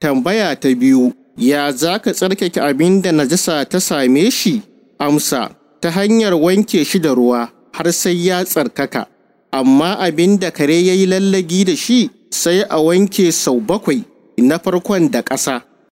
Tambaya ta biyu, ya za ka tsarkake abin da najasa ta same shi? Amsa, ta hanyar wanke shi da ruwa har sai ya tsarkaka, amma abin da kare ya yi lallagi da shi sai a wanke sau bakwai na farkon da ƙasa,